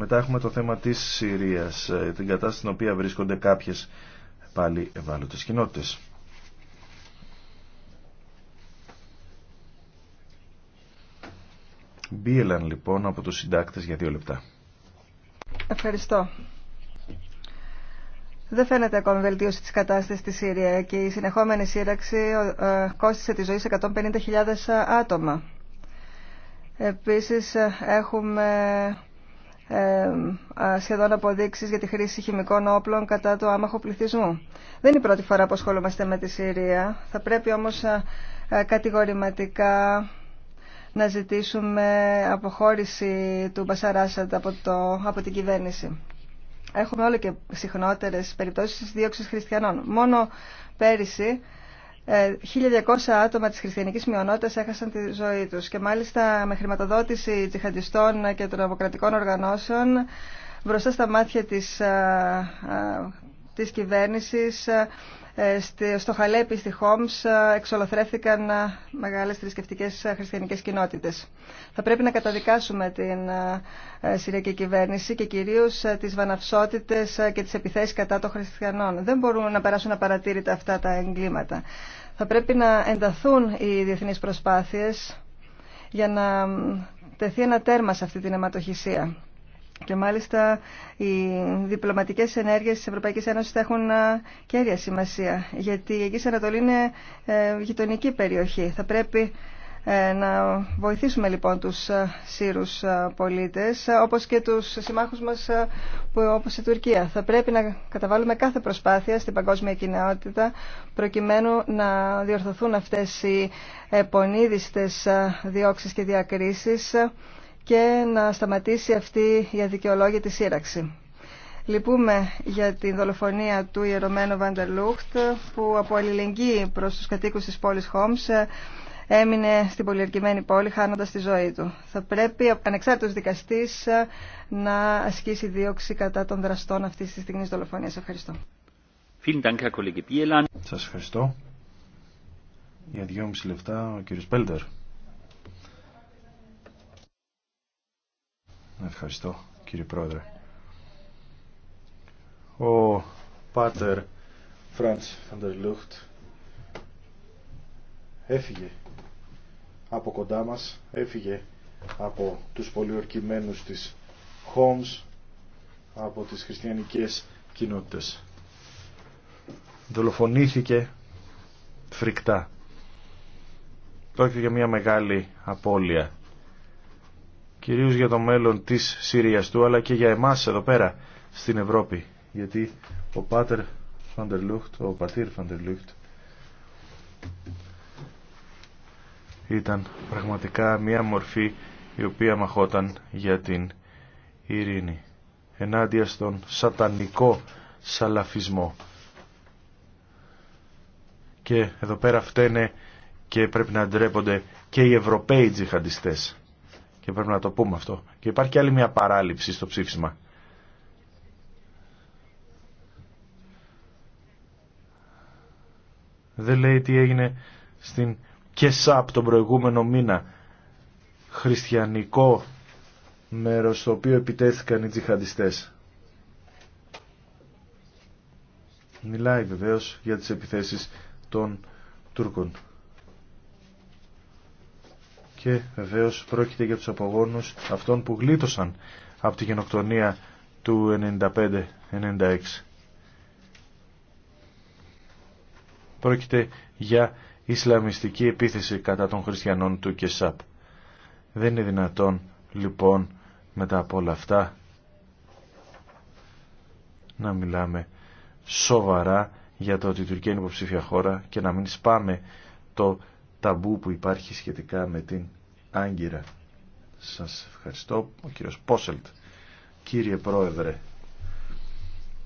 Μετά έχουμε το θέμα της Συρίας, ε, την κατάσταση στην οποία βρίσκονται κάποιες πάλι ευάλωτες κοινότητες. Μπίελαν λοιπόν από τους συντάκτες για δύο λεπτά. Ευχαριστώ. Δεν φαίνεται ακόμη βελτίωση της κατάστασης στη Συρία και η συνεχόμενη σύραξη ε, κόστισε τη ζωή σε 150.000 ε, άτομα. Επίσης έχουμε ε, σχεδόν αποδείξει για τη χρήση χημικών όπλων κατά του άμαχο πληθυσμού. Δεν είναι η πρώτη φορά που ασχολούμαστε με τη Συρία. Θα πρέπει όμως κατηγορηματικά να ζητήσουμε αποχώρηση του Μπασαράσαντ από, το, από την κυβέρνηση. Έχουμε όλο και συχνότερες περιπτώσεις δίωξης χριστιανών. Μόνο πέρυσι 1.200 ε, άτομα της χριστιανικής μειονότητας έχασαν τη ζωή τους και μάλιστα με χρηματοδότηση τσιχαντιστών και τρομοκρατικών οργανώσεων μπροστά στα μάτια της, ε, ε, της κυβέρνησης στο Χαλέπι, στη Χόμς, εξολοθρεύτηκαν μεγάλες θρησκευτικέ χριστιανικές κοινότητες. Θα πρέπει να καταδικάσουμε την Συριακή κυβέρνηση και κυρίως τις βαναυσότητες και τις επιθέσεις κατά των χριστιανών. Δεν μπορούν να περάσουν απαρατήρητα αυτά τα εγκλήματα. Θα πρέπει να ενταθούν οι διεθνείς προσπάθειες για να τεθεί ένα τέρμα σε αυτή την αιματοχυσία. Και μάλιστα οι διπλωματικές ενέργειες της Ευρωπαϊκής Ένωσης θα έχουν κέρια σημασία, γιατί η Αγγής Ανατολή είναι ε, γειτονική περιοχή. Θα πρέπει ε, να βοηθήσουμε λοιπόν τους ε, Σύρους ε, πολίτες όπως και τους συμμάχους μας που, όπως η Τουρκία. Θα πρέπει να καταβάλουμε κάθε προσπάθεια στην παγκόσμια κοινότητα προκειμένου να διορθωθούν αυτές οι επονίδιστες διώξεις και διακρίσεις και να σταματήσει αυτή η αδικαιολόγητη σύραξη. Λυπούμε για την δολοφονία του ιερωμένου Βαντερλούχτ που από αλληλεγγύη προς τους κατοίκους της πόλης Χόμς έμεινε στην πολιορκημένη πόλη χάνοντας τη ζωή του. Θα πρέπει ανεξάρτητος δικαστής ε, να ασκήσει δίωξη κατά των δραστών αυτής της στιγμής δολοφονίας. Ευχαριστώ. Σας ευχαριστώ. Για δυόμιση λεπτά ο κύριος Πέλτερ. Ευχαριστώ κύριε Πρόεδρε. Ο Πάτερ Φραντς Φαντερλούχτ έφυγε από κοντά μας, έφυγε από τους πολιορκημένους της Χόμς, από τις χριστιανικές κοινότητες. Δολοφονήθηκε φρικτά. Πρόκειται για μια μεγάλη απώλεια. Κυρίως για το μέλλον της Συρίας του, αλλά και για εμάς εδώ πέρα, στην Ευρώπη. Γιατί ο Πάτερ Φαντερλούχτ, ο Πατήρ Φαντερλούχτ, ήταν πραγματικά μια μορφή η οποία μαχόταν για την ειρήνη ενάντια στον σατανικό σαλαφισμό. Και εδώ πέρα φταίνε και πρέπει να ντρέπονται και οι Ευρωπαίοι τζιχαντιστές. Και πρέπει να το πούμε αυτό. Και υπάρχει και άλλη μια παράληψη στο ψήφισμα. Δεν λέει τι έγινε στην και ΣΑΠ τον προηγούμενο μήνα χριστιανικό μέρος στο οποίο επιτέθηκαν οι τζιχαντιστές. Μιλάει βεβαίως για τις επιθέσεις των Τούρκων. Και βεβαίως πρόκειται για τους απογόνους αυτών που γλίτωσαν από τη γενοκτονία του 95-96. Πρόκειται για Ισλαμιστική επίθεση κατά των χριστιανών του Κεσάπ. Δεν είναι δυνατόν λοιπόν μετά από όλα αυτά να μιλάμε σοβαρά για το ότι η Τουρκία είναι υποψήφια χώρα και να μην σπάμε το ταμπού που υπάρχει σχετικά με την Άγκυρα. Σας ευχαριστώ, ο κύριος Πόσελτ. Κύριε Πρόεδρε,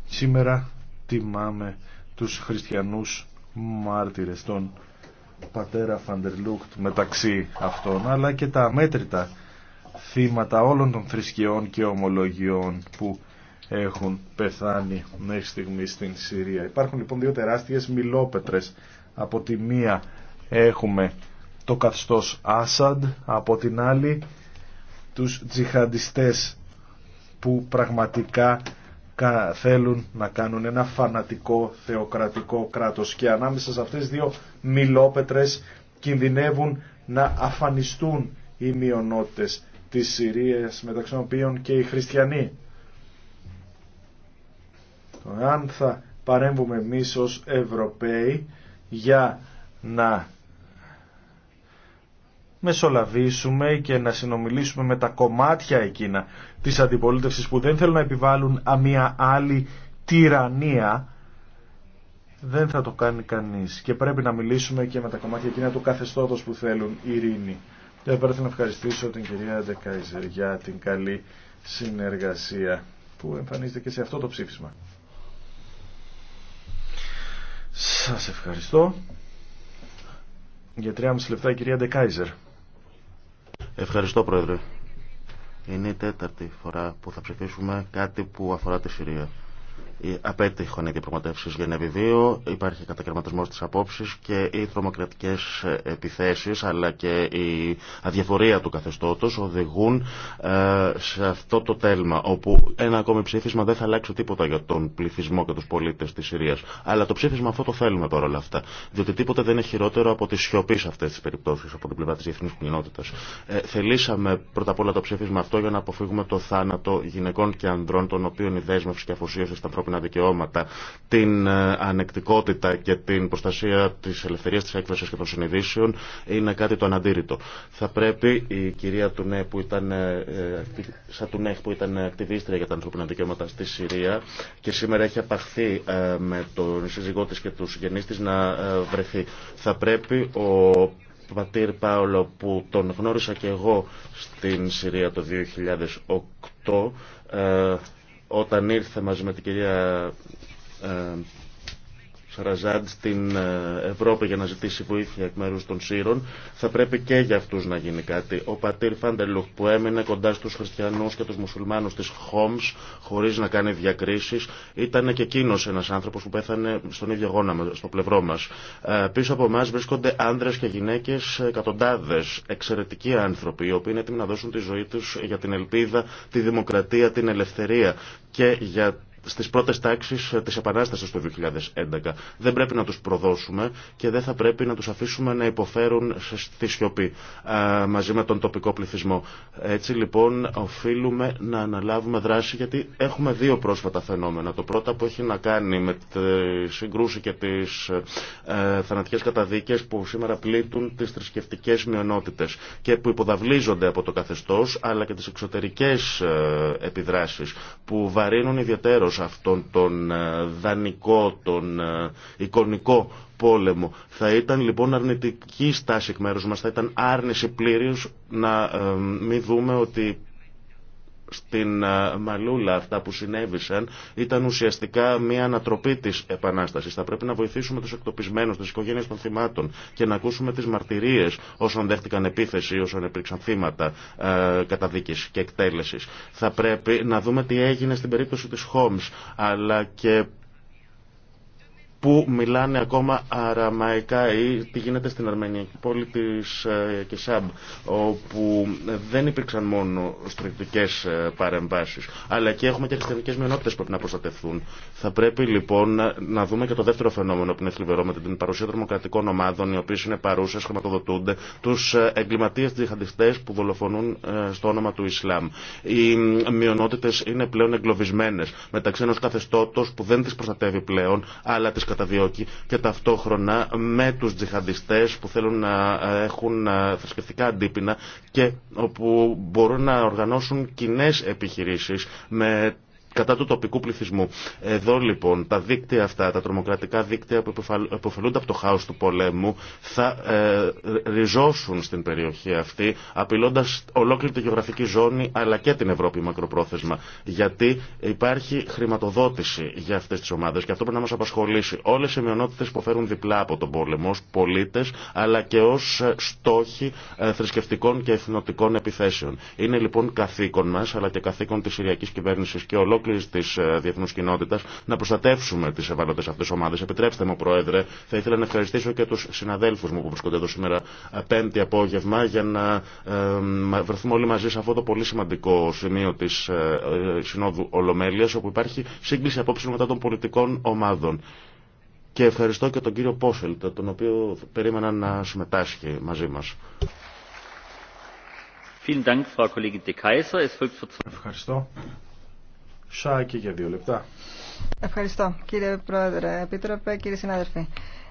σήμερα τιμάμε τους χριστιανούς μάρτυρες των πατέρα Φαντερλούκτ μεταξύ αυτών, αλλά και τα αμέτρητα θύματα όλων των θρησκειών και ομολογιών που έχουν πεθάνει μέχρι στιγμή στην Συρία. Υπάρχουν λοιπόν δύο τεράστιες μιλόπετρες. Από τη μία έχουμε το καθστός Άσαντ, από την άλλη τους τζιχαντιστές που πραγματικά θέλουν να κάνουν ένα φανατικό θεοκρατικό κράτος και ανάμεσα σε αυτές δύο μιλόπετρες κινδυνεύουν να αφανιστούν οι μειονότητες της Συρίας μεταξύ των οποίων και οι χριστιανοί. Αν θα παρέμβουμε εμείς ως Ευρωπαίοι για να μεσολαβήσουμε και να συνομιλήσουμε με τα κομμάτια εκείνα της αντιπολίτευσης που δεν θέλουν να επιβάλλουν αμία άλλη τυραννία δεν θα το κάνει κανείς και πρέπει να μιλήσουμε και με τα κομμάτια εκείνα του καθεστώτος που θέλουν ειρήνη. Και πρέπει να ευχαριστήσω την κυρία Δεκαϊζερ για την καλή συνεργασία που εμφανίζεται και σε αυτό το ψήφισμα. Σας ευχαριστώ. Για τρία μισή λεπτά η κυρία Ντεκάιζερ. Ευχαριστώ, Πρόεδρε. Είναι η τέταρτη φορά που θα ψηφίσουμε κάτι που αφορά τη Συρία απέτυχαν οι διαπραγματεύσει Γενέβη 2, υπάρχει κατακαιρματισμό τη απόψη και οι θρομοκρατικέ επιθέσει αλλά και η αδιαφορία του καθεστώτο οδηγούν ε, σε αυτό το τέλμα όπου ένα ακόμη ψήφισμα δεν θα αλλάξει τίποτα για τον πληθυσμό και του πολίτε τη Συρία. Αλλά το ψήφισμα αυτό το θέλουμε παρόλα αυτά. Διότι τίποτα δεν είναι χειρότερο από τη σιωπή σε αυτέ τι περιπτώσει από την πλευρά τη διεθνή κοινότητα. Ε, θελήσαμε πρώτα απ' όλα το ψήφισμα αυτό για να αποφύγουμε το θάνατο γυναικών και ανδρών των οποίων η δέσμευση και αφοσίωση στα ανθρώπινα δικαιώματα, την ε, ανεκτικότητα και την προστασία τη ελευθερία τη έκφραση και των συνειδήσεων είναι κάτι το αναντήρητο. Θα πρέπει η κυρία Τουνέ που ήταν, ε, ε, Σατουνέχ που ήταν ακτιβίστρια για τα ανθρώπινα δικαιώματα στη Συρία και σήμερα έχει απαχθεί με τον σύζυγό τη και του συγγενεί τη να βρεθεί. Θα πρέπει ο πατήρ Πάολο που τον γνώρισα και εγώ στην Συρία το 2008 όταν ήρθε μαζί με την κυρία ε, Σαραζάντ στην ε, Ευρώπη για να ζητήσει βοήθεια εκ μέρου των Σύρων, θα πρέπει και για αυτού να γίνει κάτι. Ο πατήρ Φαντελούχ που έμεινε κοντά στου χριστιανού και του μουσουλμάνου τη Χόμ χωρί να κάνει διακρίσει, ήταν και εκείνο ένα άνθρωπο που πέθανε στον ίδιο γόνα στο πλευρό μα. Ε, πίσω από εμά βρίσκονται άνδρε και γυναίκε, εκατοντάδε, εξαιρετικοί άνθρωποι, οι οποίοι είναι έτοιμοι να δώσουν τη ζωή του για την ελπίδα, τη δημοκρατία, την ελευθερία και για Στι πρώτε τάξει ε, τη επανάσταση του 2011. Δεν πρέπει να του προδώσουμε και δεν θα πρέπει να του αφήσουμε να υποφέρουν στη σιωπή ε, μαζί με τον τοπικό πληθυσμό. Έτσι λοιπόν οφείλουμε να αναλάβουμε δράση γιατί έχουμε δύο πρόσφατα φαινόμενα. Το πρώτο που έχει να κάνει με τη συγκρούση και τι ε, θανατικέ καταδίκε που σήμερα πλήττουν τι θρησκευτικέ μειονότητε και που υποδαβλίζονται από το καθεστώ, αλλά και τι εξωτερικέ επιδράσει που βαρύνουν ιδιαίτερω αυτόν τον ε, δανεικό, τον ε, εικονικό πόλεμο. Θα ήταν λοιπόν αρνητική στάση εκ μέρους μας, θα ήταν άρνηση πλήρως να ε, μην δούμε ότι στην ε, Μαλούλα αυτά που συνέβησαν ήταν ουσιαστικά μια ανατροπή της επανάστασης. Θα πρέπει να βοηθήσουμε τους εκτοπισμένους, τις οικογένειες των θυμάτων και να ακούσουμε τις μαρτυρίες όσων δέχτηκαν επίθεση, όσων υπήρξαν θύματα καταδίκη ε, καταδίκης και εκτέλεσης. Θα πρέπει να δούμε τι έγινε στην περίπτωση της Χόμς, αλλά και που μιλάνε ακόμα αραμαϊκά ή τι γίνεται στην αρμενιακή πόλη της ε, Κεσάμπ όπου δεν υπήρξαν μόνο στρατιωτικές ε, παρεμβάσει, αλλά και έχουμε και χριστιανικές μειονότητε που πρέπει να προστατευτούν. Θα πρέπει λοιπόν να δούμε και το δεύτερο φαινόμενο που είναι θλιβερό με την παρουσία τρομοκρατικών ομάδων οι οποίε είναι παρούσες, χρηματοδοτούνται τους ε, εγκληματίες τζιχαντιστές που δολοφονούν στο όνομα του Ισλάμ. Οι μειονότητες είναι πλέον εγκλωβισμένες μεταξύ ενό καθεστώτος που δεν τις προστατεύει πλέον αλλά καταδιώκει και ταυτόχρονα με τους τζιχαντιστές που θέλουν να ε, έχουν ε, θρησκευτικά αντίπεινα και όπου μπορούν να οργανώσουν κοινέ επιχειρήσεις με κατά του τοπικού πληθυσμού. Εδώ λοιπόν τα δίκτυα αυτά, τα τρομοκρατικά δίκτυα που υποφελούνται από το χάο του πολέμου θα ε, ριζώσουν στην περιοχή αυτή απειλώντα ολόκληρη τη γεωγραφική ζώνη αλλά και την Ευρώπη μακροπρόθεσμα. Γιατί υπάρχει χρηματοδότηση για αυτέ τι ομάδε και αυτό πρέπει να μα απασχολήσει. όλε οι που φέρουν διπλά από τον πόλεμο ω πολίτες αλλά και ω ε, στόχοι ε, θρησκευτικών και εθνοτικών επιθέσεων. Είναι λοιπόν καθήκον μα, αλλά και καθήκον τη Συριακή κυβέρνηση και ολόκληρη ολόκληρη τη ε, διεθνού κοινότητα να προστατεύσουμε τι ευάλωτε αυτέ ομάδε. Επιτρέψτε μου, Πρόεδρε, θα ήθελα να ευχαριστήσω και του συναδέλφου μου που βρίσκονται εδώ σήμερα ε, πέμπτη απόγευμα για να ε, βρεθούμε όλοι μαζί σε αυτό το πολύ σημαντικό σημείο τη Συνόδου Ολομέλεια, όπου υπάρχει σύγκληση απόψεων μετά των πολιτικών ομάδων. Και ευχαριστώ και τον κύριο Πόσελτ, τον οποίο περίμενα να συμμετάσχει μαζί μας. Ευχαριστώ. Σάκη για δύο λεπτά. Ευχαριστώ κύριε Πρόεδρε, Επίτροπε, κύριοι συνάδελφοι.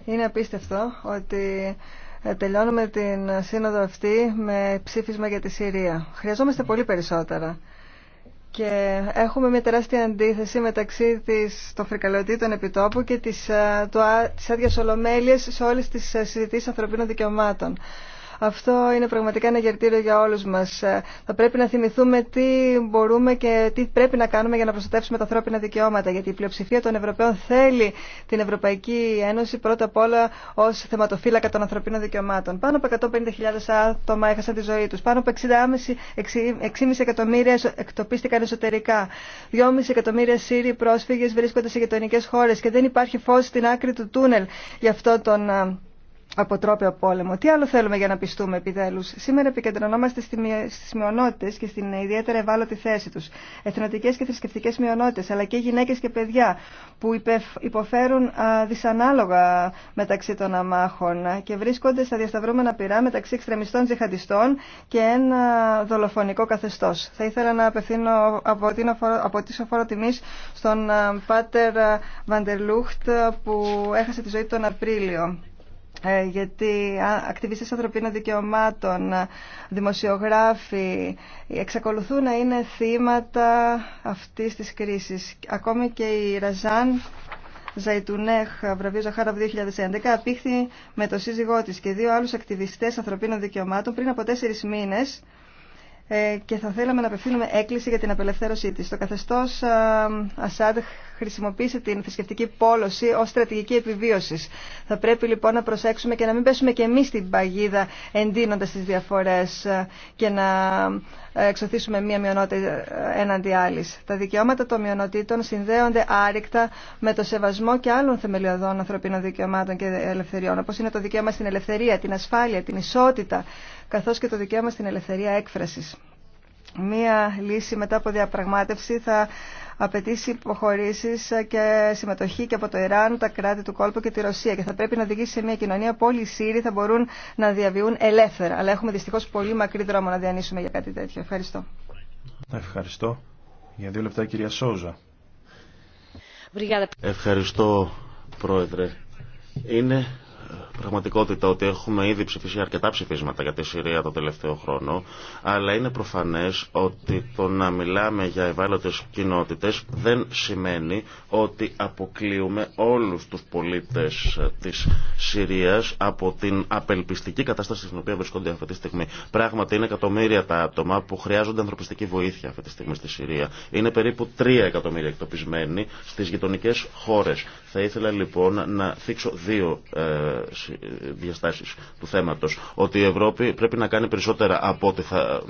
Είναι απίστευτο ότι ε, τελειώνουμε την σύνοδο αυτή με ψήφισμα για τη Συρία. Χρειαζόμαστε πολύ περισσότερα. Και έχουμε μια τεράστια αντίθεση μεταξύ της, των φρικαλωτήτων επιτόπου και της, ε, της άδειας ολομέλειας σε όλες τις ε, συζητήσεις ανθρωπίνων δικαιωμάτων. Αυτό είναι πραγματικά ένα γερτήριο για όλους μας. Ε, θα πρέπει να θυμηθούμε τι μπορούμε και τι πρέπει να κάνουμε για να προστατεύσουμε τα ανθρώπινα δικαιώματα. Γιατί η πλειοψηφία των Ευρωπαίων θέλει την Ευρωπαϊκή Ένωση πρώτα απ' όλα ως θεματοφύλακα των ανθρωπίνων δικαιωμάτων. Πάνω από 150.000 άτομα έχασαν τη ζωή τους. Πάνω από 6,5 εκατομμύρια εκτοπίστηκαν εσωτερικά. 2,5 εκατομμύρια Σύριοι πρόσφυγες βρίσκονται σε γειτονικέ χώρες και δεν υπάρχει φως στην άκρη του τούνελ για αυτό τον ε, αποτρόπαιο πόλεμο. Τι άλλο θέλουμε για να πιστούμε επιτέλου, Σήμερα επικεντρωνόμαστε στι μειονότητε και στην ιδιαίτερα ευάλωτη θέση του. Εθνοτικέ και θρησκευτικέ μειονότητε, αλλά και γυναίκε και παιδιά που υποφέρουν δυσανάλογα μεταξύ των αμάχων και βρίσκονται στα διασταυρούμενα πυρά μεταξύ εξτρεμιστών τζιχαντιστών και ένα δολοφονικό καθεστώ. Θα ήθελα να απευθύνω από τι από τη στον Πάτερ Βαντερλούχτ που έχασε τη ζωή τον Απρίλιο. Ε, γιατί ακτιβιστές ανθρωπίνων δικαιωμάτων, δημοσιογράφοι εξακολουθούν να είναι θύματα αυτής της κρίσης. Ακόμη και η Ραζάν Ζαϊτουνέχ, βραβείο Ζαχάραβ 2011, απήχθη με το σύζυγό της και δύο άλλους ακτιβιστές ανθρωπίνων δικαιωμάτων πριν από τέσσερις μήνες ε, και θα θέλαμε να απευθύνουμε έκκληση για την απελευθέρωσή της. Το καθεστώς Ασάντ χρησιμοποιήσει την θρησκευτική πόλωση ως στρατηγική επιβίωσης. Θα πρέπει λοιπόν να προσέξουμε και να μην πέσουμε και εμείς στην παγίδα εντείνοντας τις διαφορές ε, και να ε, εξωθήσουμε μία μειονότητα έναντι άλλης. Τα δικαιώματα των μειονοτήτων συνδέονται άρρηκτα με το σεβασμό και άλλων θεμελιωδών ανθρωπίνων δικαιωμάτων και ελευθεριών, όπως είναι το δικαίωμα στην ελευθερία, την ασφάλεια, την ισότητα, καθώς και το δικαίωμα στην ελευθερία έκφρασης. Μία λύση μετά από διαπραγμάτευση θα απαιτήσει υποχωρήσει και συμμετοχή και από το Ιράν, τα κράτη του κόλπου και τη Ρωσία. Και θα πρέπει να οδηγήσει σε μια κοινωνία που όλοι οι Σύριοι θα μπορούν να διαβιούν ελεύθερα. Αλλά έχουμε δυστυχώ πολύ μακρύ δρόμο να διανύσουμε για κάτι τέτοιο. Ευχαριστώ. Ευχαριστώ. Για δύο λεπτά, κυρία Σόζα. Ευχαριστώ, Πρόεδρε. Είναι πραγματικότητα ότι έχουμε ήδη ψηφίσει αρκετά ψηφίσματα για τη Συρία το τελευταίο χρόνο, αλλά είναι προφανές ότι το να μιλάμε για ευάλωτες κοινότητες δεν σημαίνει ότι αποκλείουμε όλους τους πολίτες της Συρίας από την απελπιστική κατάσταση στην οποία βρισκόνται αυτή τη στιγμή. Πράγματι είναι εκατομμύρια τα άτομα που χρειάζονται ανθρωπιστική βοήθεια αυτή τη στιγμή στη Συρία. Είναι περίπου 3 εκατομμύρια εκτοπισμένοι στις γειτονικές χώρες. Θα ήθελα λοιπόν να θίξω δύο ε, διαστάσεις του θέματος. Ότι η Ευρώπη πρέπει να κάνει περισσότερα από ό,τι θα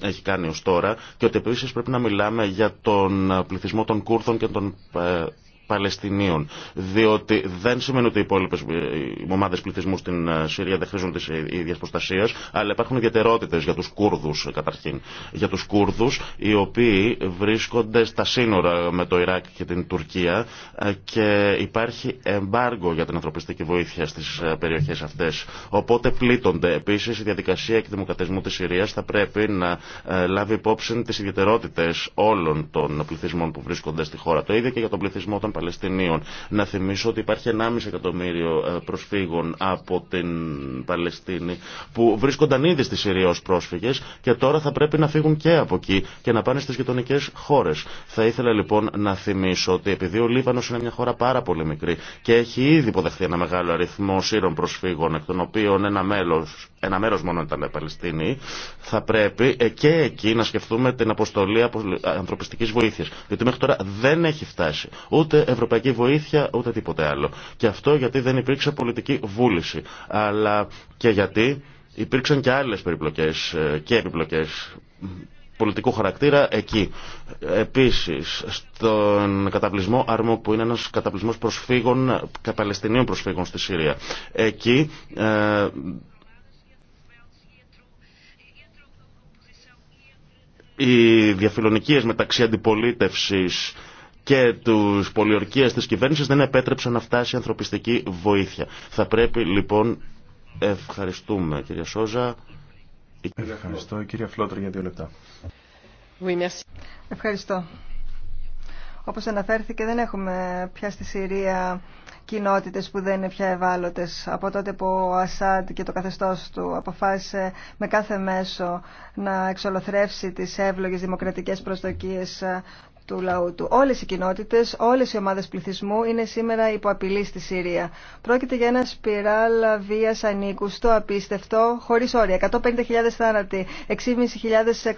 έχει κάνει ως τώρα και ότι επίσης πρέπει να μιλάμε για τον πληθυσμό των Κούρδων και των ε, Παλαιστινίων. Διότι δεν σημαίνει ότι οι υπόλοιπε ε, ομάδε πληθυσμού στην ε, Συρία δεν χρήζουν τη ε, ίδια προστασία, αλλά υπάρχουν ιδιαιτερότητε για του Κούρδου καταρχήν. Για του Κούρδου, οι οποίοι βρίσκονται στα σύνορα με το Ιράκ και την Τουρκία και υπάρχει εμπάργκο για την ανθρωπιστική βοήθεια στι περιοχέ αυτέ. Οπότε πλήττονται. Επίση, η διαδικασία εκδημοκρατισμού τη Συρία θα πρέπει να λάβει υπόψη τι ιδιαιτερότητε όλων των πληθυσμών που βρίσκονται στη χώρα. Το ίδιο και για τον πληθυσμό των Παλαιστινίων. Να θυμίσω ότι υπάρχει 1,5 εκατομμύριο ε, προσφύγων από την Παλαιστίνη που βρίσκονταν ήδη στη Συρία ως πρόσφυγες και τώρα θα πρέπει να φύγουν και από εκεί και να πάνε στις γειτονικέ χώρες. Θα ήθελα λοιπόν να θυμίσω ότι επειδή ο Λίβανος είναι μια χώρα πάρα πολύ μικρή και έχει ήδη υποδεχθεί ένα μεγάλο αριθμό Σύρων προσφύγων εκ των οποίων ένα, μέλος, ένα μέρος μόνο ήταν Παλαιστίνοι θα πρέπει ε, και εκεί να σκεφτούμε την αποστολή ανθρωπιστική βοήθεια. γιατί μέχρι τώρα δεν έχει φτάσει ούτε ευρωπαϊκή βοήθεια ούτε τίποτε άλλο. Και αυτό γιατί δεν υπήρξε πολιτική βούληση. Αλλά και γιατί υπήρξαν και άλλες περιπλοκές ε, και επιπλοκέ πολιτικού χαρακτήρα εκεί. Επίσης, στον καταπλησμό Άρμο που είναι ένα καταπλησμός προσφύγων, Παλαιστινίων προσφύγων στη Συρία. Εκεί ε, οι διαφιλονικίες μεταξύ αντιπολίτευσης και του πολιορκίες τη κυβέρνηση δεν επέτρεψαν να φτάσει ανθρωπιστική βοήθεια. Θα πρέπει λοιπόν. Ευχαριστούμε κυρία Σόζα. Ευχαριστώ κυρία Φλότρο για δύο λεπτά. Ευχαριστώ. Όπως αναφέρθηκε δεν έχουμε πια στη Συρία κοινότητες που δεν είναι πια ευάλωτες. Από τότε που ο Ασάντ και το καθεστώς του αποφάσισε με κάθε μέσο να εξολοθρεύσει τις εύλογες δημοκρατικές προσδοκίες του λαού του. Όλες οι κοινότητες, όλες οι ομάδες πληθυσμού είναι σήμερα υπό απειλή στη Συρία. Πρόκειται για ένα σπιράλ βίας ανήκουστο, απίστευτο, χωρίς όρια. 150.000 θάνατοι, 6.500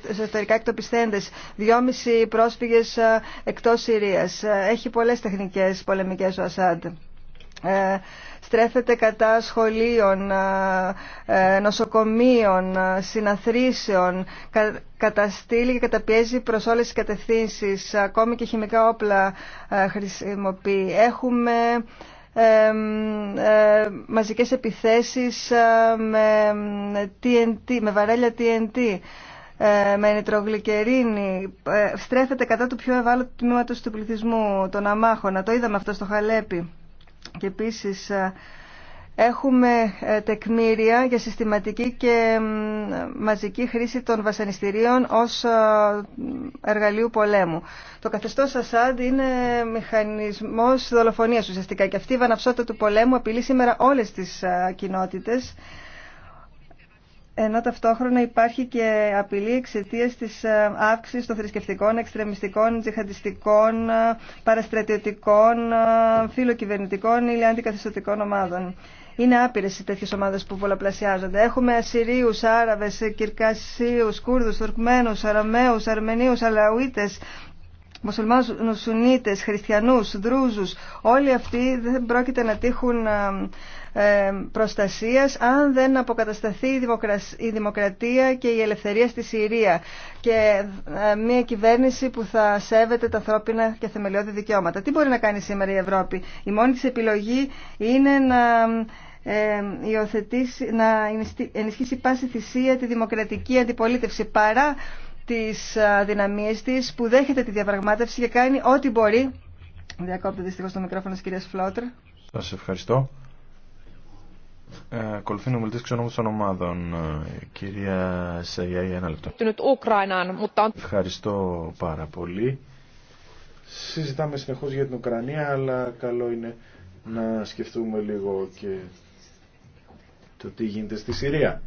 εσωτερικά εκτοπιστέντες, 2.500 πρόσφυγες ε, εκτός Συρίας. Ε, έχει πολλές τεχνικές πολεμικές ο Ασάντ. Ε, στρέφεται κατά σχολείων, ε, ε, νοσοκομείων, συναθρήσεων, καταστήλει και καταπιέζει προς όλες τις κατευθύνσεις, ακόμη και χημικά όπλα χρησιμοποιεί. Έχουμε ε, ε, μαζικές επιθέσεις με, TNT, με βαρέλια TNT με νητρογλυκερίνη στρέφεται κατά του πιο ευάλωτου τμήματος του πληθυσμού των αμάχων. Το είδαμε αυτό στο Χαλέπι. Και επίσης ε, έχουμε ε, τεκμήρια για συστηματική και μαζική χρήση των βασανιστήριων ως ε, εργαλείου πολέμου. Το καθεστώς Ασάντ είναι μηχανισμός δολοφονίας ουσιαστικά και αυτή η βαναυσότητα του πολέμου απειλεί σήμερα όλες τις κοινότητες ενώ ταυτόχρονα υπάρχει και απειλή εξαιτία τη ε, αύξηση των θρησκευτικών, εξτρεμιστικών, τζιχαντιστικών, ε, παραστρατιωτικών, ε, φιλοκυβερνητικών ή αντικαθιστωτικών ομάδων. Είναι άπειρε οι τέτοιε ομάδε που πολλαπλασιάζονται. Έχουμε Ασσυρίου, Άραβε, Κυρκασίου, Κούρδου, Τουρκμένου, Αραμαίου, Αρμενίου, Αλαουίτε, μουσουλμάνους, Σουνίτες, χριστιανούς, δρούζους, όλοι αυτοί δεν πρόκειται να τύχουν ε, ε, προστασίας αν δεν αποκατασταθεί η δημοκρατία και η ελευθερία στη Συρία και ε, μια κυβέρνηση που θα σέβεται τα ανθρώπινα και θεμελιώδη δικαιώματα. Τι μπορεί να κάνει σήμερα η Ευρώπη. Η μόνη της επιλογή είναι να να ενισχύσει πάση θυσία τη δημοκρατική αντιπολίτευση παρά τις δυναμίες της που δέχεται τη διαπραγμάτευση και κάνει ό,τι μπορεί. Διακόπτεται δυστυχώς το μικρόφωνο της κυρίας Φλότρ. Σας ευχαριστώ. Ε, ο μιλητής ξενόμου των ομάδων. Ε, κυρία Σαγιαή ένα λεπτό. Ευχαριστώ πάρα πολύ. Συζητάμε συνεχώς για την Ουκρανία, αλλά καλό είναι να σκεφτούμε λίγο και το τι γίνεται στη Συρία.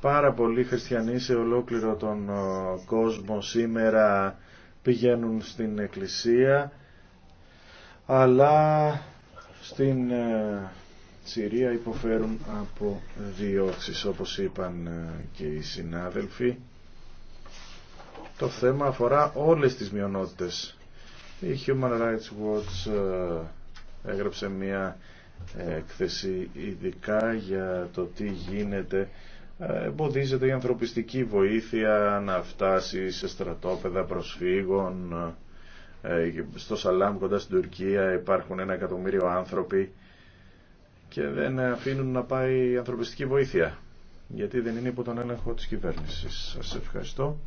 Πάρα πολλοί χριστιανοί σε ολόκληρο τον ε, κόσμο σήμερα πηγαίνουν στην εκκλησία, αλλά στην ε, Συρία υποφέρουν από διώξεις, όπως είπαν ε, και οι συνάδελφοι. Το θέμα αφορά όλες τις μειονότητες. Η Human Rights Watch έγραψε μία έκθεση ειδικά για το τι γίνεται εμποδίζεται η ανθρωπιστική βοήθεια να φτάσει σε στρατόπεδα προσφύγων. Ε, στο Σαλάμ κοντά στην Τουρκία υπάρχουν ένα εκατομμύριο άνθρωποι και δεν αφήνουν να πάει η ανθρωπιστική βοήθεια γιατί δεν είναι υπό τον έλεγχο της κυβέρνησης. Σας ευχαριστώ.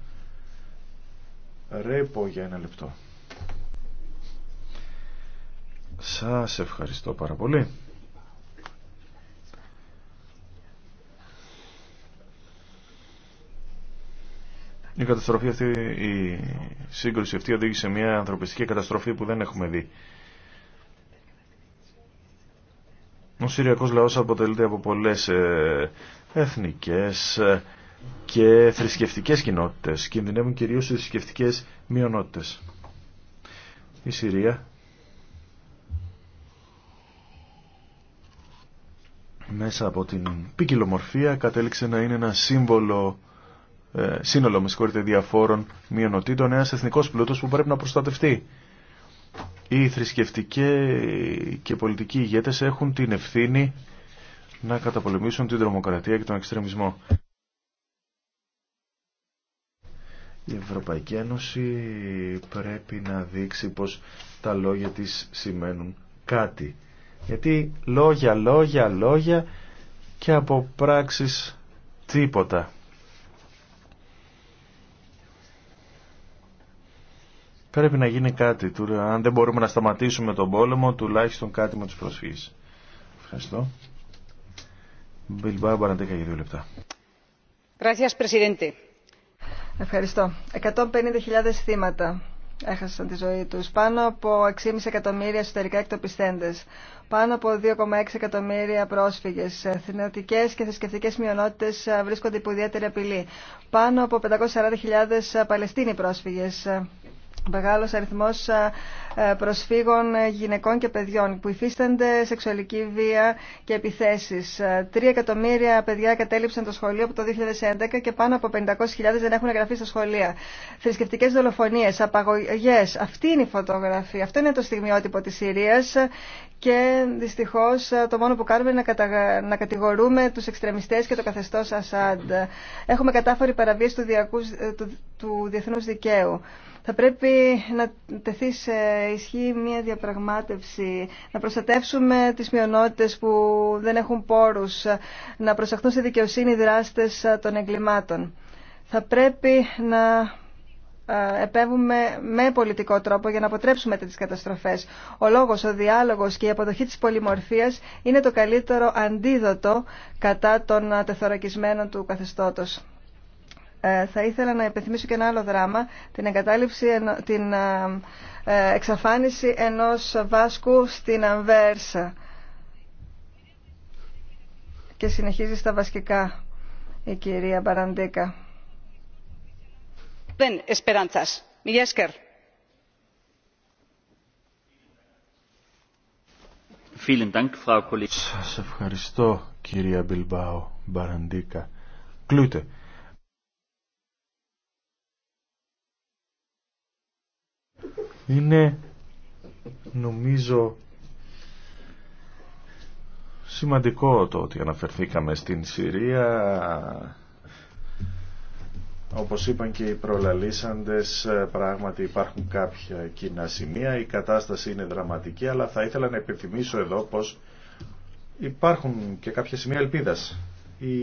Ρέπο για ένα λεπτό. Σας ευχαριστώ πάρα πολύ. Η καταστροφή αυτή, η σύγκρουση αυτή οδήγησε μια ανθρωπιστική καταστροφή που δεν έχουμε δει. Ο Συριακός λαός αποτελείται από πολλές ε, εθνικές ε, και θρησκευτικές κοινότητες. Κινδυνεύουν κυρίως οι θρησκευτικές μειονότητες. Η Συρία μέσα από την ποικιλομορφία κατέληξε να είναι ένα σύμβολο ε, σύνολο με συγχωρείτε διαφόρων μειονοτήτων ένας εθνικός πλούτος που πρέπει να προστατευτεί. Οι θρησκευτικοί και πολιτικοί ηγέτες έχουν την ευθύνη να καταπολεμήσουν την τρομοκρατία και τον εξτρεμισμό. Η Ευρωπαϊκή Ένωση πρέπει να δείξει πως τα λόγια της σημαίνουν κάτι. Γιατί λόγια, λόγια, λόγια και από πράξεις τίποτα. Πρέπει να γίνει κάτι. Αν δεν μπορούμε να σταματήσουμε τον πόλεμο, τουλάχιστον κάτι με τους προσφύγεις. Ευχαριστώ. Μπιλμπάου για δύο λεπτά. Ευχαριστώ. 150.000 θύματα έχασαν τη ζωή τους. Πάνω από 6,5 εκατομμύρια εσωτερικά εκτοπιστέντες. Πάνω από 2,6 εκατομμύρια πρόσφυγες. Θηνωτικές και θρησκευτικέ μειονότητες βρίσκονται υπό ιδιαίτερη απειλή. Πάνω από 540.000 Παλαιστίνοι πρόσφυγες μεγάλος αριθμός προσφύγων ε, γυναικών και παιδιών που υφίστανται σεξουαλική βία και επιθέσεις. Τρία εκατομμύρια παιδιά κατέληψαν το σχολείο από το 2011 και πάνω από 500.000 δεν έχουν εγγραφεί στα σχολεία. Θρησκευτικέ δολοφονίες, απαγωγές. Αυτή είναι η φωτογραφία. Αυτό είναι το στιγμιότυπο της Συρίας και δυστυχώ το μόνο που κάνουμε είναι να, κατηγορούμε του εξτρεμιστέ και το καθεστώς Ασάντ. Έχουμε κατάφορη παραβίαση του, ε, του διεθνούς δικαίου. Θα πρέπει να τεθεί σε ισχύ μια διαπραγμάτευση, να προστατεύσουμε τις μειονότητες που δεν έχουν πόρους, να προσαχθούν σε δικαιοσύνη δράστες των εγκλημάτων. Θα πρέπει να επέβουμε με πολιτικό τρόπο για να αποτρέψουμε τις καταστροφές. Ο λόγος, ο διάλογος και η αποδοχή της πολυμορφίας είναι το καλύτερο αντίδοτο κατά των τεθωρακισμένων του καθεστώτος. Ε, θα ήθελα να επιθυμίσω και ένα άλλο δράμα, την εγκατάλειψη, την ε, ε, εξαφάνιση ενός Βάσκου στην Αμβέρσα. Και συνεχίζει στα βασικά η κυρία Μπαραντίκα. Δεν εσπεράντσας. Μιέσκερ. Σας ευχαριστώ κυρία Μπιλμπάου Μπαραντίκα. Κλούτε. είναι νομίζω σημαντικό το ότι αναφερθήκαμε στην Συρία όπως είπαν και οι προλαλήσαντες, πράγματι υπάρχουν κάποια κοινά σημεία. Η κατάσταση είναι δραματική, αλλά θα ήθελα να επιθυμίσω εδώ πως υπάρχουν και κάποια σημεία ελπίδας. Οι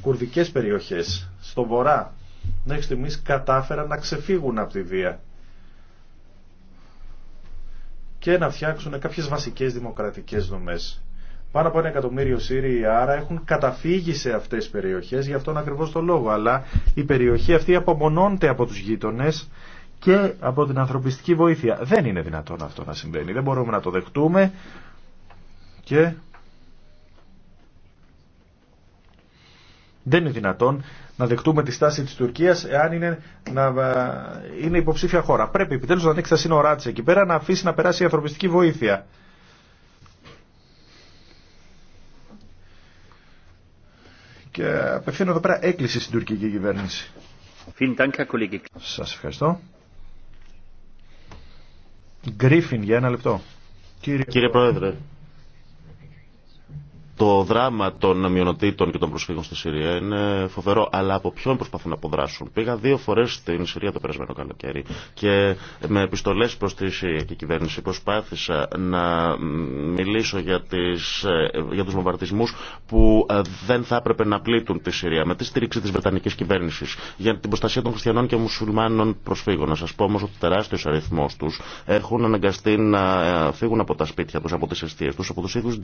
κουρδικές περιοχές στο βορρά μέχρι στιγμής κατάφεραν να ξεφύγουν από τη βία και να φτιάξουν κάποιες βασικές δημοκρατικές δομές. Πάνω από ένα εκατομμύριο Σύριοι άρα έχουν καταφύγει σε αυτές τις περιοχές, γι' αυτόν ακριβώς το λόγο. Αλλά η περιοχή αυτή απομονώνεται από τους γείτονε και από την ανθρωπιστική βοήθεια. Δεν είναι δυνατόν αυτό να συμβαίνει. Δεν μπορούμε να το δεχτούμε και δεν είναι δυνατόν να δεχτούμε τη στάση της Τουρκίας εάν είναι, να, ε, είναι υποψήφια χώρα. Πρέπει επιτέλους να ανοίξει τα σύνορά της εκεί πέρα, να αφήσει να περάσει η ανθρωπιστική βοήθεια. Και απευθύνω εδώ πέρα έκκληση στην τουρκική κυβέρνηση. Σας ευχαριστώ. Γκρίφιν για ένα λεπτό. Κύριε, Κύριε Πρόεδρε. Το δράμα των μειονοτήτων και των προσφύγων στη Συρία είναι φοβερό, αλλά από ποιον προσπαθούν να αποδράσουν. Πήγα δύο φορέ στην Συρία το περασμένο καλοκαίρι και με επιστολέ προ τη Συριακή κυβέρνηση προσπάθησα να μιλήσω για, τις, για του βομβαρδισμού που δεν θα έπρεπε να πλήττουν τη Συρία με τη στήριξη τη Βρετανική κυβέρνηση για την προστασία των χριστιανών και μουσουλμάνων προσφύγων. Να σα πω όμω ότι τεράστιο αριθμό του έχουν αναγκαστεί να φύγουν από τα σπίτια του, από τι αιστείε του, από του ίδιου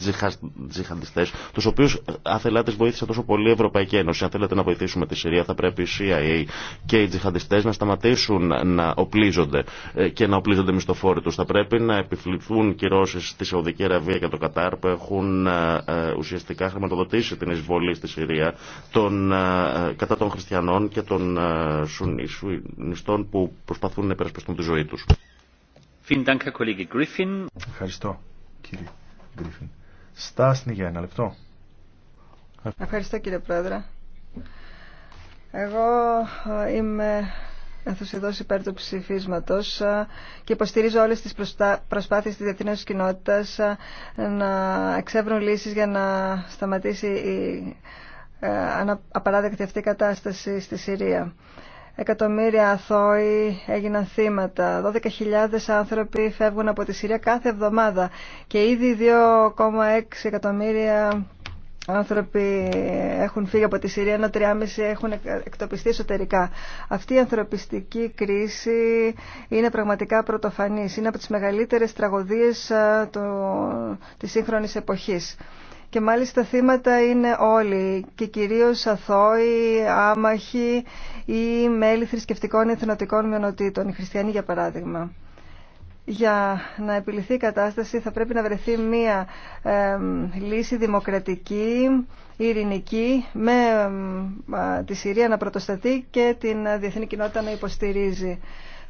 τζιχαντιστέ του οποίου αθελάτε βοήθησε τόσο πολύ η Ευρωπαϊκή Ένωση. Αν θέλετε να βοηθήσουμε τη Συρία, θα πρέπει η CIA και οι τζιχαντιστέ να σταματήσουν να οπλίζονται ε, και να οπλίζονται μισθοφόροι του. Θα πρέπει να επιφληθούν κυρώσει στη Σαουδική Αραβία και το Κατάρ που έχουν ε, ε, ουσιαστικά χρηματοδοτήσει την εισβολή στη Συρία των, κατά των χριστιανών και των σουνιστών που προσπαθούν να υπερασπιστούν τη ζωή του. Ευχαριστώ κύριε Γκρίφιν. Στάσνη για ένα λεπτό. Ευχαριστώ κύριε Πρόεδρε. Εγώ ε, είμαι ενθουσιαδός υπέρ του ψηφίσματος ε, και υποστηρίζω όλες τις προσπάθειες τη διεθνής κοινότητας ε, να εξεύρουν λύσεις για να σταματήσει η απαράδεκτη αυτή κατάσταση στη Συρία εκατομμύρια αθώοι έγιναν θύματα. 12.000 άνθρωποι φεύγουν από τη Συρία κάθε εβδομάδα και ήδη 2,6 εκατομμύρια άνθρωποι έχουν φύγει από τη Συρία, ενώ 3,5 έχουν εκτοπιστεί εσωτερικά. Αυτή η ανθρωπιστική κρίση είναι πραγματικά πρωτοφανής. Είναι από τις μεγαλύτερες τραγωδίες ε, του, της σύγχρονης εποχής και μάλιστα θύματα είναι όλοι και κυρίως αθώοι, άμαχοι ή μέλη θρησκευτικών ή εθνοτικών μειονοτήτων, οι χριστιανοί για παράδειγμα. Για να επιληθεί η κατάσταση θα πρέπει να βρεθεί μία λύση δημοκρατική, ειρηνική, με τη Συρία να πρωτοστατεί και την διεθνή κοινότητα να υποστηρίζει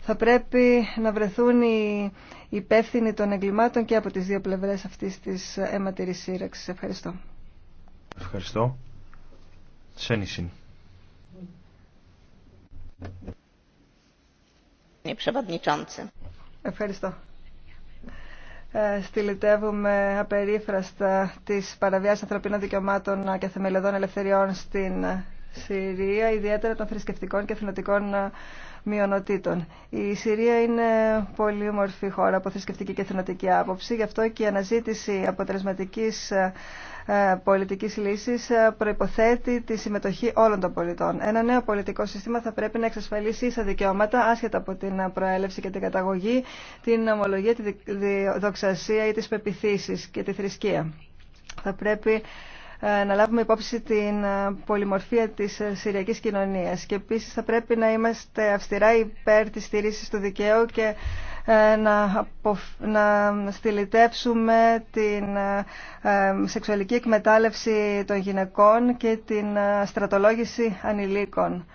θα πρέπει να βρεθούν οι υπεύθυνοι των εγκλημάτων και από τις δύο πλευρές αυτής της αίματηρης σύραξης. Ευχαριστώ. Ευχαριστώ. Σένισιν. Ευχαριστώ. Ε, στυλιτεύουμε απερίφραστα τις παραβιάσεις ανθρωπίνων δικαιωμάτων και θεμελιωδών ελευθεριών στην Συρία, ιδιαίτερα των θρησκευτικών και εθνοτικών μειονοτήτων. Η Συρία είναι πολύ όμορφη χώρα από θρησκευτική και εθνοτική άποψη, γι' αυτό και η αναζήτηση αποτελεσματική ε, ε, πολιτικής λύσης ε, προϋποθέτει τη συμμετοχή όλων των πολιτών. Ένα νέο πολιτικό σύστημα θα πρέπει να εξασφαλίσει ίσα δικαιώματα άσχετα από την προέλευση και την καταγωγή, την ομολογία, τη δοξασία ή τις πεπιθήσεις και τη θρησκεία. Θα πρέπει ε, να λάβουμε υπόψη την ε, πολυμορφία της ε, συριακής κοινωνίας και επίσης θα πρέπει να είμαστε αυστηρά υπέρ τη στηρίσης του δικαίου και να, να στυλιτεύσουμε την σεξουαλική εκμετάλλευση των γυναικών και την στρατολόγηση ανηλίκων.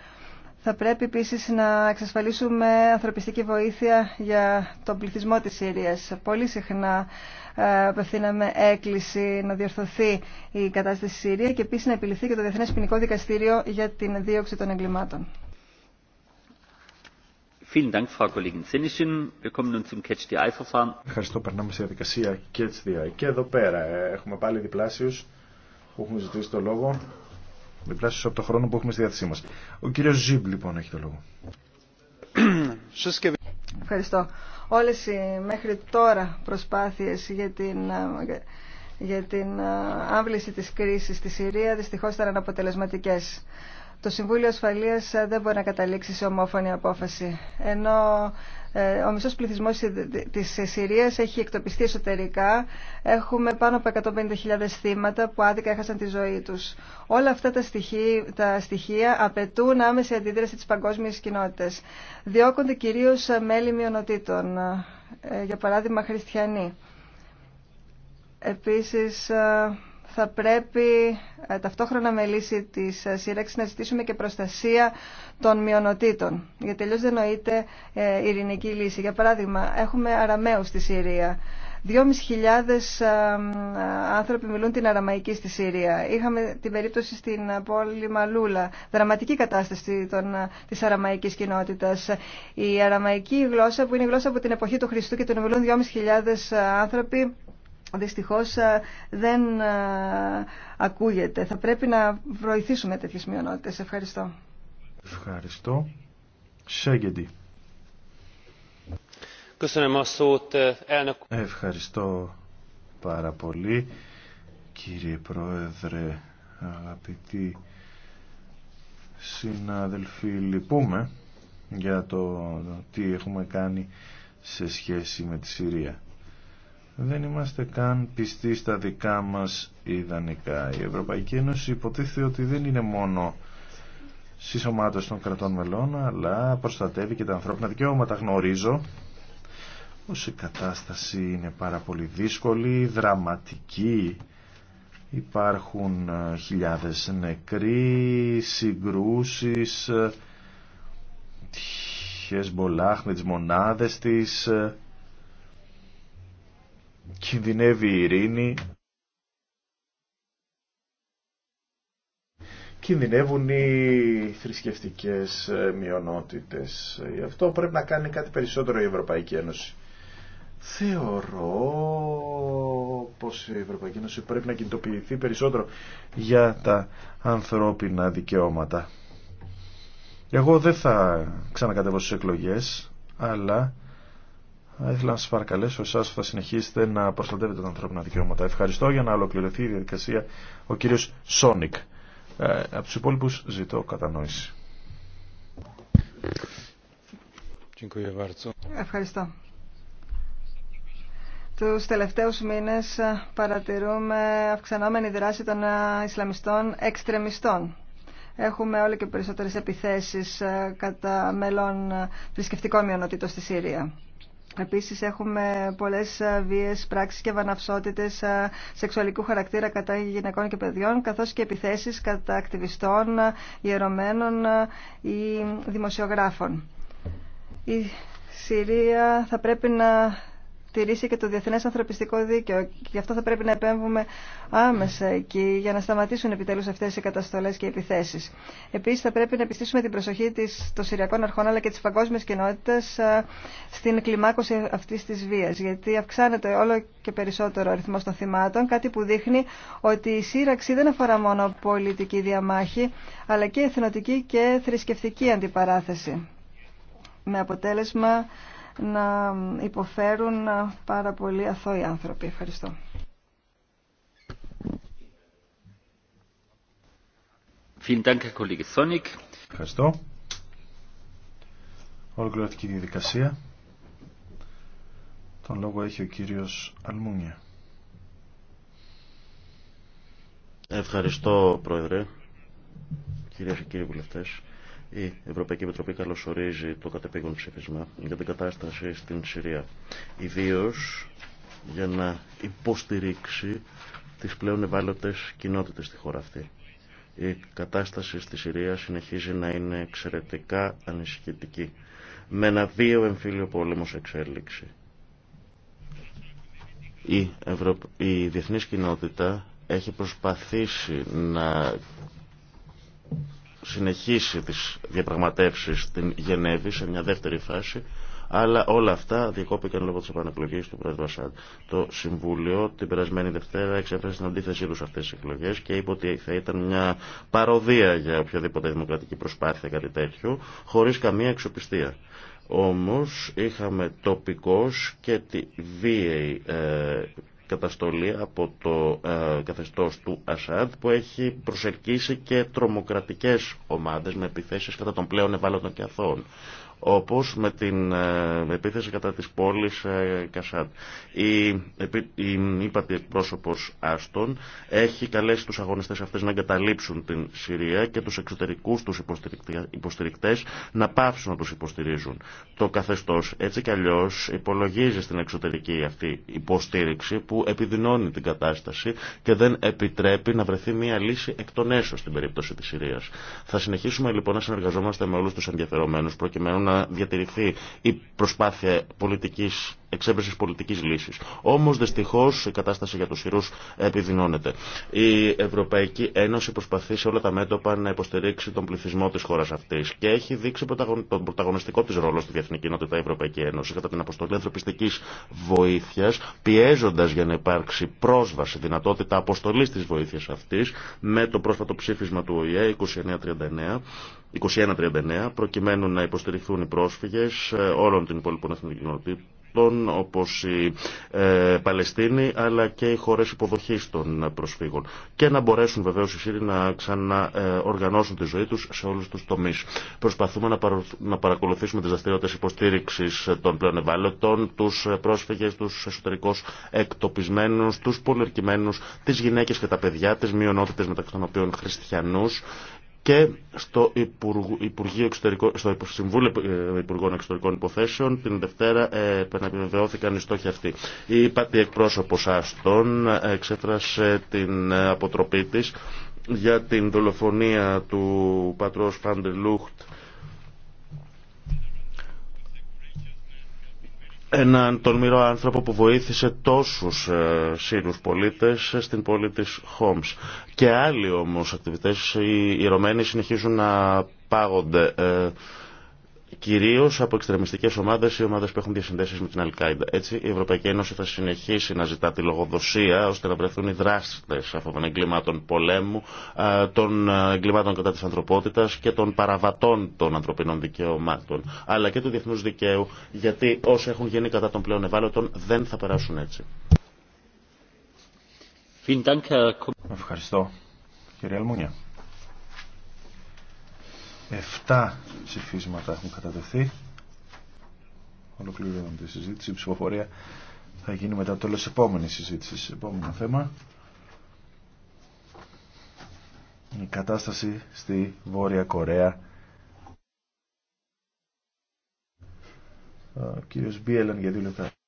Θα πρέπει επίσης να εξασφαλίσουμε ανθρωπιστική βοήθεια για τον πληθυσμό της Συρίας. Πολύ συχνά ε, απευθύναμε έκκληση να διορθωθεί η κατάσταση στη Συρία και επίσης να επιληθεί και το Διεθνές Ποινικό Δικαστήριο για την δίωξη των εγκλημάτων. Ευχαριστώ. Περνάμε στη διαδικασία Catch the Eye. Και εδώ πέρα ε, έχουμε πάλι διπλάσιους που έχουν ζητήσει το λόγο διπλάσιο από το χρόνο που έχουμε στη διάθεσή μα. Ο κύριος Ζιμπ λοιπόν έχει το λόγο. Ευχαριστώ. Όλε οι μέχρι τώρα προσπάθειες για την, για την ε, άμβληση της κρίσης στη Συρία δυστυχώς ήταν αναποτελεσματικές. Το Συμβούλιο Ασφαλείας ε, δεν μπορεί να καταλήξει σε ομόφωνη απόφαση. Ενώ ε, ο μισός πληθυσμός της Συρίας έχει εκτοπιστεί εσωτερικά. Έχουμε πάνω από 150.000 θύματα που άδικα έχασαν τη ζωή τους. Όλα αυτά τα στοιχεία, τα στοιχεία απαιτούν άμεση αντίδραση της παγκόσμιας κοινότητας. Διώκονται κυρίως μέλη μειονοτήτων, ε, για παράδειγμα χριστιανοί. Επίσης, ε, θα πρέπει ε, ταυτόχρονα με λύση της ε, σύραξης να ζητήσουμε και προστασία των μειονοτήτων. Γιατί τελείως δεν νοείται ε, ειρηνική λύση. Για παράδειγμα, έχουμε Αραμαίους στη Συρία. 2.500 άνθρωποι μιλούν την αραμαϊκή στη Συρία. Είχαμε την περίπτωση στην πόλη Μαλούλα. Δραματική κατάσταση των, της αραμαϊκής κοινότητας. Η αραμαϊκή γλώσσα που είναι η γλώσσα από την εποχή του Χριστού και την μιλούν 2.500 άνθρωποι δυστυχώς ε, δεν ε, ακούγεται. Θα πρέπει να βοηθήσουμε τέτοιες μειονότητες. Ευχαριστώ. Ευχαριστώ. Σέγγεντι. Ευχαριστώ πάρα πολύ κύριε Πρόεδρε αγαπητοί συναδελφοί λυπούμε για το τι έχουμε κάνει σε σχέση με τη Συρία δεν είμαστε καν πιστοί στα δικά μας ιδανικά. Η Ευρωπαϊκή Ένωση υποτίθεται ότι δεν είναι μόνο συσσωμάτωση των κρατών μελών, αλλά προστατεύει και τα ανθρώπινα δικαιώματα. Γνωρίζω πως η κατάσταση είναι πάρα πολύ δύσκολη, δραματική. Υπάρχουν ε, χιλιάδες νεκροί, συγκρούσεις, τυχές ε, με τις μονάδες της, ε, κινδυνεύει η ειρήνη, κινδυνεύουν οι θρησκευτικές ε, μειονότητες. Γι' αυτό πρέπει να κάνει κάτι περισσότερο η Ευρωπαϊκή Ένωση. Θεωρώ πως η Ευρωπαϊκή Ένωση πρέπει να κινητοποιηθεί περισσότερο για τα ανθρώπινα δικαιώματα. Εγώ δεν θα ξανακάτεβω στις εκλογές, αλλά θα ήθελα να σας παρακαλέσω εσά που θα συνεχίσετε να προστατεύετε τα ανθρώπινα δικαιώματα. Ευχαριστώ για να ολοκληρωθεί η διαδικασία ο κύριο Σόνικ. Ε, από του υπόλοιπου ζητώ κατανόηση. Ευχαριστώ. Του τελευταίου μήνε παρατηρούμε αυξανόμενη δράση των ε, Ισλαμιστών εξτρεμιστών. Έχουμε όλο και περισσότερε επιθέσει ε, κατά μελών ε, θρησκευτικών μειονοτήτων στη Σύρια. Επίσης έχουμε πολλές ε, βίες, πράξεις και βαναυσότητες ε, σεξουαλικού χαρακτήρα κατά γυναικών και παιδιών, καθώς και επιθέσεις κατά ακτιβιστών, ιερωμένων ε, ή δημοσιογράφων. Η Συρία θα πρέπει να τηρήσει και το διεθνέ ανθρωπιστικό δίκαιο. Και γι' αυτό θα πρέπει να επέμβουμε άμεσα εκεί για να σταματήσουν επιτέλου αυτέ οι καταστολέ και οι επιθέσει. Επίση, θα πρέπει να επιστήσουμε την προσοχή της, των Συριακών Αρχών αλλά και τη παγκόσμια κοινότητα στην κλιμάκωση αυτή τη βία, Γιατί αυξάνεται όλο και περισσότερο ο αριθμό των θυμάτων, κάτι που δείχνει ότι η σύραξη δεν αφορά μόνο πολιτική διαμάχη αλλά και εθνοτική και θρησκευτική αντιπαράθεση με αποτέλεσμα να υποφέρουν πάρα πολύ αθώοι άνθρωποι. Ευχαριστώ. Ευχαριστώ. Ολοκληρωθήκε η διαδικασία. Τον λόγο έχει ο κύριος Αλμούνια. Ευχαριστώ, Πρόεδρε. Κυρίες και κύριοι βουλευτές. Η Ευρωπαϊκή Επιτροπή καλωσορίζει το κατεπήγον ψήφισμα για την κατάσταση στην Συρία. Ιδίω για να υποστηρίξει τις πλέον ευάλωτες κοινότητες στη χώρα αυτή. Η κατάσταση στη Συρία συνεχίζει να είναι εξαιρετικά ανησυχητική, με ένα δύο εμφύλιο πόλεμο εξέλιξη. Η, Ευρω... η διεθνής κοινότητα έχει προσπαθήσει να συνεχίσει τις διαπραγματεύσεις στην Γενέβη σε μια δεύτερη φάση αλλά όλα αυτά διακόπηκαν λόγω τη επανεκλογή του πρόεδρου Ασάντ. Το Συμβούλιο την περασμένη Δευτέρα εξέφρασε την αντίθεσή του σε αυτέ τι εκλογέ και είπε ότι θα ήταν μια παροδία για οποιαδήποτε δημοκρατική προσπάθεια κάτι τέτοιο, χωρί καμία εξοπιστία. Όμως είχαμε τοπικός και τη βίαιη ε, καταστολή από το ε, καθεστώς του Ασάντ που έχει προσελκύσει και τρομοκρατικές ομάδες με επιθέσεις κατά των πλέον ευάλωτων και αθώων όπως με την ε, επίθεση κατά της πόλης ε, Κασάτ. Η, η ύπατη εκπρόσωπο Άστον έχει καλέσει τους αγωνιστές αυτές να εγκαταλείψουν την Συρία και τους εξωτερικούς τους υποστηρικτές να πάψουν να τους υποστηρίζουν. Το καθεστώς έτσι κι αλλιώς υπολογίζει στην εξωτερική αυτή υποστήριξη που επιδεινώνει την κατάσταση και δεν επιτρέπει να βρεθεί μια λύση εκ των έσω στην περίπτωση της Συρίας. Θα συνεχίσουμε λοιπόν να συνεργαζόμαστε με όλους τους ενδιαφερομένους προκειμένου να να διατηρηθεί η προσπάθεια πολιτικής εξέβρεση πολιτική λύση. Όμω δυστυχώ η κατάσταση για τους χειρούς επιδεινώνεται. Η Ευρωπαϊκή Ένωση προσπαθεί σε όλα τα μέτωπα να υποστηρίξει τον πληθυσμό τη χώρα αυτή και έχει δείξει τον πρωταγωνιστικό τη ρόλο στη διεθνή κοινότητα Ευρωπαϊκή Ένωση κατά την αποστολή ανθρωπιστικής βοήθεια, πιέζοντα για να υπάρξει πρόσβαση, δυνατότητα αποστολής τη βοήθεια αυτή με το πρόσφατο ψήφισμα του ΟΗΕ 2139 προκειμένου να υποστηριχθούν οι πρόσφυγες ε, όλων των υπόλοιπων εθνικών κοινοτήτων όπως οι ε, Παλαιστίνοι αλλά και οι χώρες υποδοχής των προσφύγων και να μπορέσουν βεβαίως οι Σύριοι να ξαναοργανώσουν τη ζωή τους σε όλους τους τομείς. Προσπαθούμε να παρακολουθήσουμε τις δραστηριότητες υποστήριξης των πλέον ευάλωτων, τους πρόσφυγες, τους εσωτερικώς εκτοπισμένους, τους πολυερκημένους, τις γυναίκες και τα παιδιά, τις μειονότητες μεταξύ των οποίων χριστιανούς και στο, Υπουργείο στο Συμβούλιο ε, Υπουργών Εξωτερικών Υποθέσεων την Δευτέρα ε, επαναβεβαιώθηκαν οι στόχοι αυτοί. Η υπάτη εκπρόσωπο Άστον εξέφρασε την ε, αποτροπή της για την δολοφονία του πατρός Φαντελούχτ έναν τον άνθρωπο που βοήθησε τόσους ε, Σύρους πολίτες στην πόλη της Χόμς. Και άλλοι όμως ακτιβιτές, οι, οι Ρωμένοι συνεχίζουν να πάγονται. Ε, κυρίω από εξτρεμιστικέ ομάδε ή ομάδε που έχουν διασυνδέσει με την Αλκάιντα. Έτσι, η Ευρωπαϊκή Ένωση θα συνεχίσει να ζητά τη λογοδοσία ώστε να βρεθούν οι δράστε αυτών των εγκλημάτων πολέμου, των εγκλημάτων κατά τη ανθρωπότητα και των παραβατών των ανθρωπίνων δικαιωμάτων, αλλά και του διεθνού δικαίου, γιατί όσοι έχουν γίνει κατά των πλέον ευάλωτων δεν θα περάσουν έτσι. Ευχαριστώ. Κύριε Αλμούνια. Εφτά ψηφίσματα έχουν κατατεθεί. Ολοκληρώνεται η συζήτηση. Η ψηφοφορία θα γίνει μετά το τέλο τη επόμενη συζήτηση. Επόμενο θέμα. Η κατάσταση στη Βόρεια Κορέα. Ο κύριος Μπίελεν για δύο λεπτά.